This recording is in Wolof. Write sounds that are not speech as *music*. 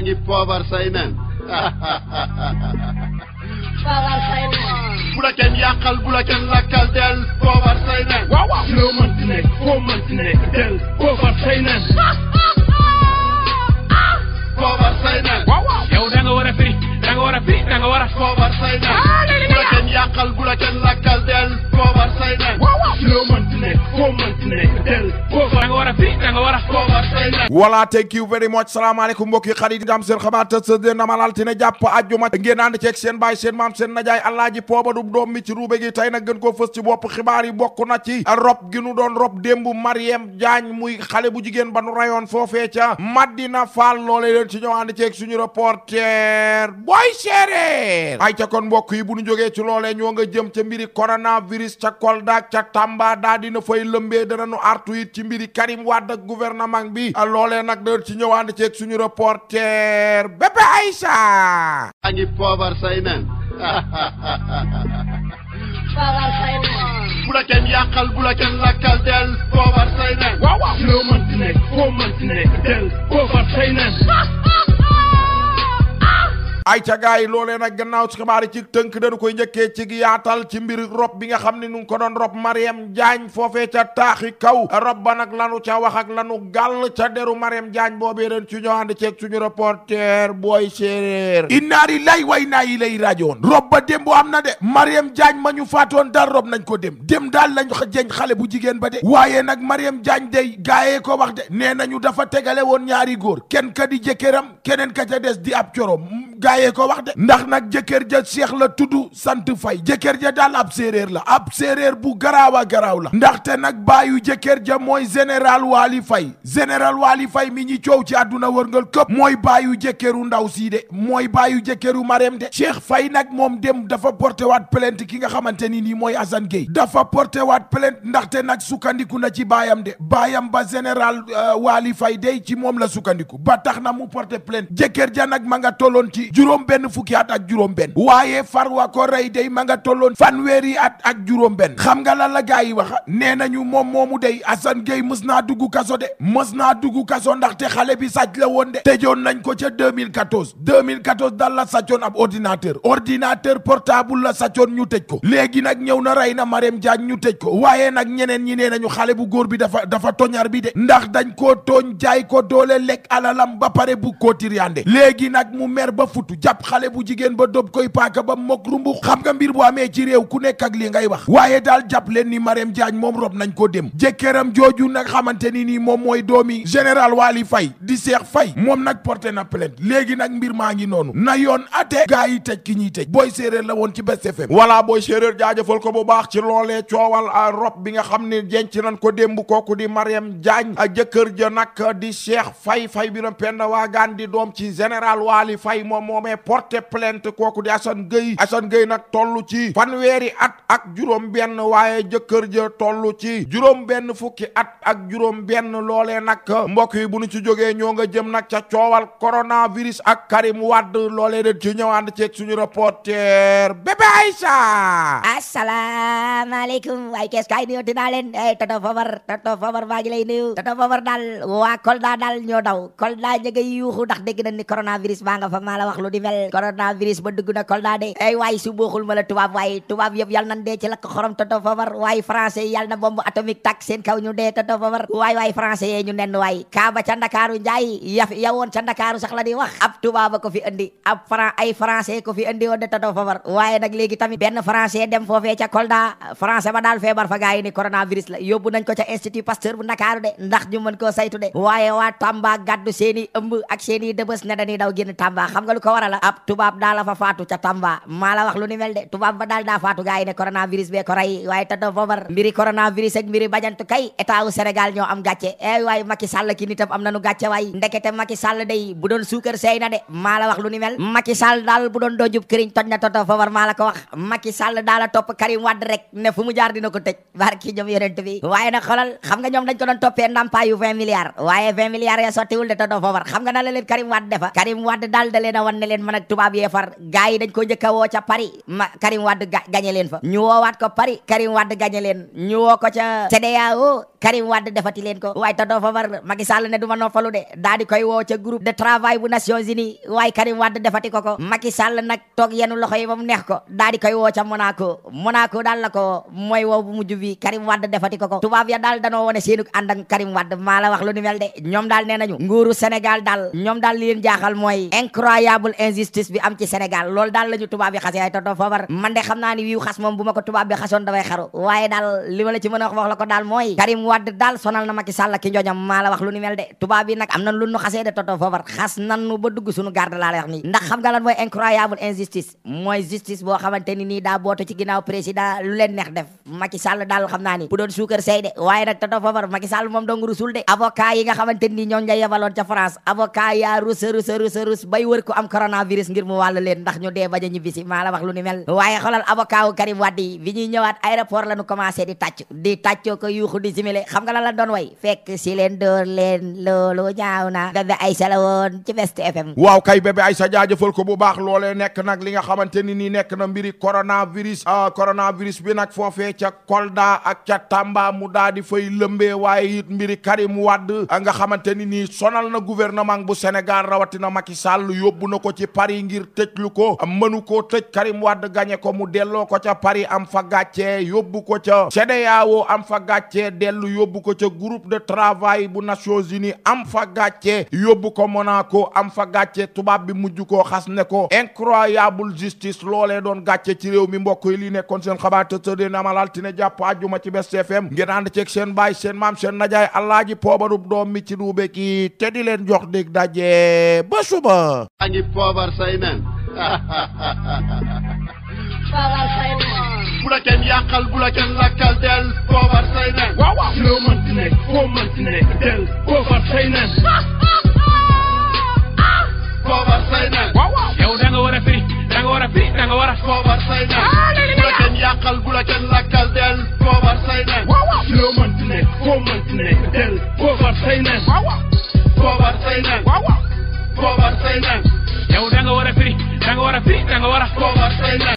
hangi Power Sayman. Power Sayman. bu la kenn yàqal bu la kenn lakkal del Power Sayman. waaw waaw loo mënti nekk foo mënti nekk del Power Sayman. Power Sayman. waaw waaw yow da nga war a firi da nga war a firi da nga war a. Power Sayman. bu la kenn yàqal bu la kenn lakkal. voilà thank you very much salaamaaleykum mbokk yi xarit yi seen xabaar te sa deen dama jàpp ajjuma ngeen ànd ceeg seen baay seen maam seen najaay allaaji poobadu doom mi ci ruube gi tey nag gën ko fës ci bopp xibaar yi bokk na ci rob gi nu doon rob démb Mariem Jaañ muy xale bu jigéen ba nu rayoon foofee ca Madina Fall loole leen ci ñëw ànd ceeg suñu reporter boy séeréer ay ca kon mbokk yi bu nu jógee ci loolee ñoo nga jëm ca mbiri coronavirus ca Kolda ca Tamba daa dina fay lëmbee danañu artu it ci mbiri Karim Wade ak gouvernement bi lolé nak dër ci ñëw ci suñu reporter Bébé Aïcha. Angi ngi poobar say nen. poobar say nen. bu la kenn bu la del ay ca gaay loole nag gannaaw ci xibaar ci tënk dañu koy njëkkee ci yaatal ci mbir rob bi nga xam ne nu ngi ko doon rob Mariam Diagne foofee ca taaxi kaw rob ba nag lanu ca wax ak lanu gàll ca deru Mariam Diagne boobee den ci ñoo ànd ceeg suñu reporter booy séeréer inna lillahi wa inna ilayhi raaji'uun rob ba démb am na de Mariam Diagne ma ñu faatoon daal rob nañ ko dem dem daal lañ jeñ xale bu jigéen ba de waaye nag Mariam Diagne day gaayee ko wax de nee nañu dafa tegale woon ñaari góor kenn ka di keneen ka ca des di ab coroom gaayee ko wax de ndax nag jëkkër ja cheikh la tudd sant fay jëkkër ja daal ab séeréer la ab séeréer bu garaaw a garaaw la ndaxte nag baayu jëkkër ja mooy général waali fay général waali fay mi ñi coow ci àdduna wërngal këpp mooy baayu jëkkëru ndaw sii de mooy baayu jëkkëru marem de cheikh fay nag moom dem dafa porté waat plainte ki nga xamante ni nii mooy Assane Gueye dafa porté waat plainte ndaxte nag sukkandiku na ci baayam de baayam ba général euh, waali fay day ci moom la sukkandiku ba tax na mu porté plainte jëkkër ja nag ma nga tolloon ci juróom benn fukki at ak juróom benn waaye far wa ko rey day ma nga tolloon fanweeri at ak juróom benn xam nga lan la gaa yi wax nee nañu moom moomu day Assane Gueye mës naa dugg kaso de mës naa dugg kaso ndaxte xale bi sàcc la woon de tëjoon nañ ko ca 2014 2014 dal la sàccoon ab ordinateur ordinateur portable la sàccoon ñu tëj ko léegi nag ñëw na rey na Marème Diagne ñu tëj ko waaye nag ñeneen ñi nee nañu xale bu góor bi dafa dafa toñar bi de ndax dañ koo tooñ jaay ko doole lekk alalam ba pare bu ko léegi nag putu jàpp xale bu jigéen ba dóob koy paaka ba mok rumbu xam nga mbir bu amee ci réew ku nekk ak li ngay wax waaye daal jàpp leen ni Marème Diagne moom rob nañ ko dem jëkkëram jooju nag xamante ni moom mooy doomi général Waly fay di seex fay moom nag porté na plainte léegi nag mbir maa ngi noonu na yoon ate gaa yi tëj ki ñuy tëj booy séeréer la woon ci Best FM voilà booy séeréer jaajëfal ko bu baax ci loolee coowal a ah, rob bi nga xam ne jenc nañ ko démb kooku di Marème Diagne a ah, jëkkër ja nag di Cheikh Faye Faye bi na penda waagaan doom ci général Waly Faye moom momé porter plainte koku di Assane Gueye Assane Gueye nak tollu ci fanweeri at ak juróom benn waaye jëkkër ja tollu ci juróom benn fukki at ak juróom benn loolee nak mbokk yi bu nu ci jógee ñoo nga jëm nak ca coowal coronavirus ak Karim Wade loolee de ci ñëwaand ci suñu reporter Bébé Aïcha asalaamaaleykum waay kees kaay nuyoo dinaa leen toto fawar Tato fawar maa ngi lay nuyu toto fawar daal waa Kolda daal ñoo daw Kolda ña nga yuuxu ndax dégg nañ ni coronavirus baa nga fa maa wax lu di wel coronavirus ba dugg kol de ay wai subuh kul ma la tubaab waaye yal nan de ci lakk xorom te doo fa français yal na bombe atomique tak sen kaw ñu dee wai wai fa war waay waay français yee ñu nenn waay kaa ba ca ndakaaru njaay yaf ca sax la di wax ab tubaaba ko fi andi ab fran ay français ko fi andi woon de te wai fa war waaye tamit benn français dem foofee ca kolda français ba daal feebar fa gaa ni coronavirus la yóbbu nañ ko ca institut pasteur bu ndakaaru de ndax ñu mën koo saytu de wai wai tamba gàddu seni ëmb ak seeni debus ne dañuy daw tamba xam ko waral ab tubaab la fa fatu ca Tamba mala wax lu ni mel de tubab ba dal da fatu gay yi ne coronavirus be ko rey waaye te doo foobar mbiri coronavirus ak mbiri bajantu kay wu senegal ño am gatché ay way Macky Sall ki nitam am nañu gatché way ndekete Macky Sall day bu suker suukar nade na de mala wax lu ni mel Macky Sall dal bu don dojub kriñ togn na toto foobar maa mala ko wax Macky Sall la top Karim wad rek ne fu mu jaar dina ko tej barki ñom yonent bi way na xolal xam nga ñom dañ ko doon yu 20 milliards waye 20 milliards ya wul de toto foobar xam nga na leen Karim wad defa Karim wad dal da won ne len man ak tubab ye far gaay dañ ko jëk wo ca pari Karim wad gañé len fa ñu wat ko pari Karim wad gañé len ñu wo ko ca cdao Karim wad defati len ko way ta do fa war magi Sall ne duma ma de daa di koy wo ca groupe de travail bu Nations Unies way Karim wad defati ko ko Macky Sall nak tok yenu loxoy bam neex ko daa di koy wo ca Monaco Monaco dal la ko moy wo bu mujju bi Karim wad defati ko ko ya dal dano woné seenu and ak Karim wad mala wax lu ni mel de ñom dal nenañu nguru senegal dal ñom dal li len jaaxal moy incroyable véritable injustice bi am ci Sénégal loolu daal la ñu tubaab yi xasee a wax nan nu xasee de nu garde laa la ndax xam nga lan mooy incroyable injustice mooy justice boo xamante ni daa bootu ci ginnaaw président lu leen xam naa bu doon suukar say de nag toto foobar Macky moom dong rusul de avocat yi nga xamante ni ñoom nga France avocat yaa rus rus bay wër am coronavirus ngir mu wal leen ndax ñu dé baña ñu bisi maa la wax lu ni mel waye xolal avocat wu Karim wadi bi ñuy ñëwaat aéroport lañu commencé di tàcc di tàccoo ko yu xudi similé xam nga la la doon way fekk si leen door leen lolu jaawna na bébé Aïssa la woon ci best FM waw kay bébé Aïssa jaajeufal ko bu baax lolé nek nak li nga xamanteni ni nek na mbiri coronavirus ah, coronavirus bi nak fofé ca Kolda ak ca Tamba mu daadi di fay lembé waye it mbiri Karim Wade nga xamanteni ni sonal na gouvernement bu Sénégal rawatina Macky Sall yóbbu na ko ci Paris ngir tëjlu ko mënu koo tëj Karim Wade gañe ko mu delloo ko ca Paris am fa gàccee yóbbu ko ca CEDEAO am fa gàccee dellu yóbbu ko ca group de travail bu Nations Unies am fa gàccee yóbbu ko Monaco am fa gàccee tubaab bi mujj koo xas ne ko incroyable justice loolee doon gàcce ci réew mi mbokk yi lii nekkoon seen xabaar te tëddee na ma laal tine jàpp àjjuma ci Best FM ngeen ànd ceeg seen baay seen maam seen najaay alaaji poobarub doom mi ci duube ki te di poobar say *laughs* nen poobar say bu la kenn yàqal bu la kenn lakkal del poobar say nen waaw waaw loo mënti nekk foo mënti nekk del poobar say nen poobar say nen waaw waaw yow da nga war a firi da nga war a firi da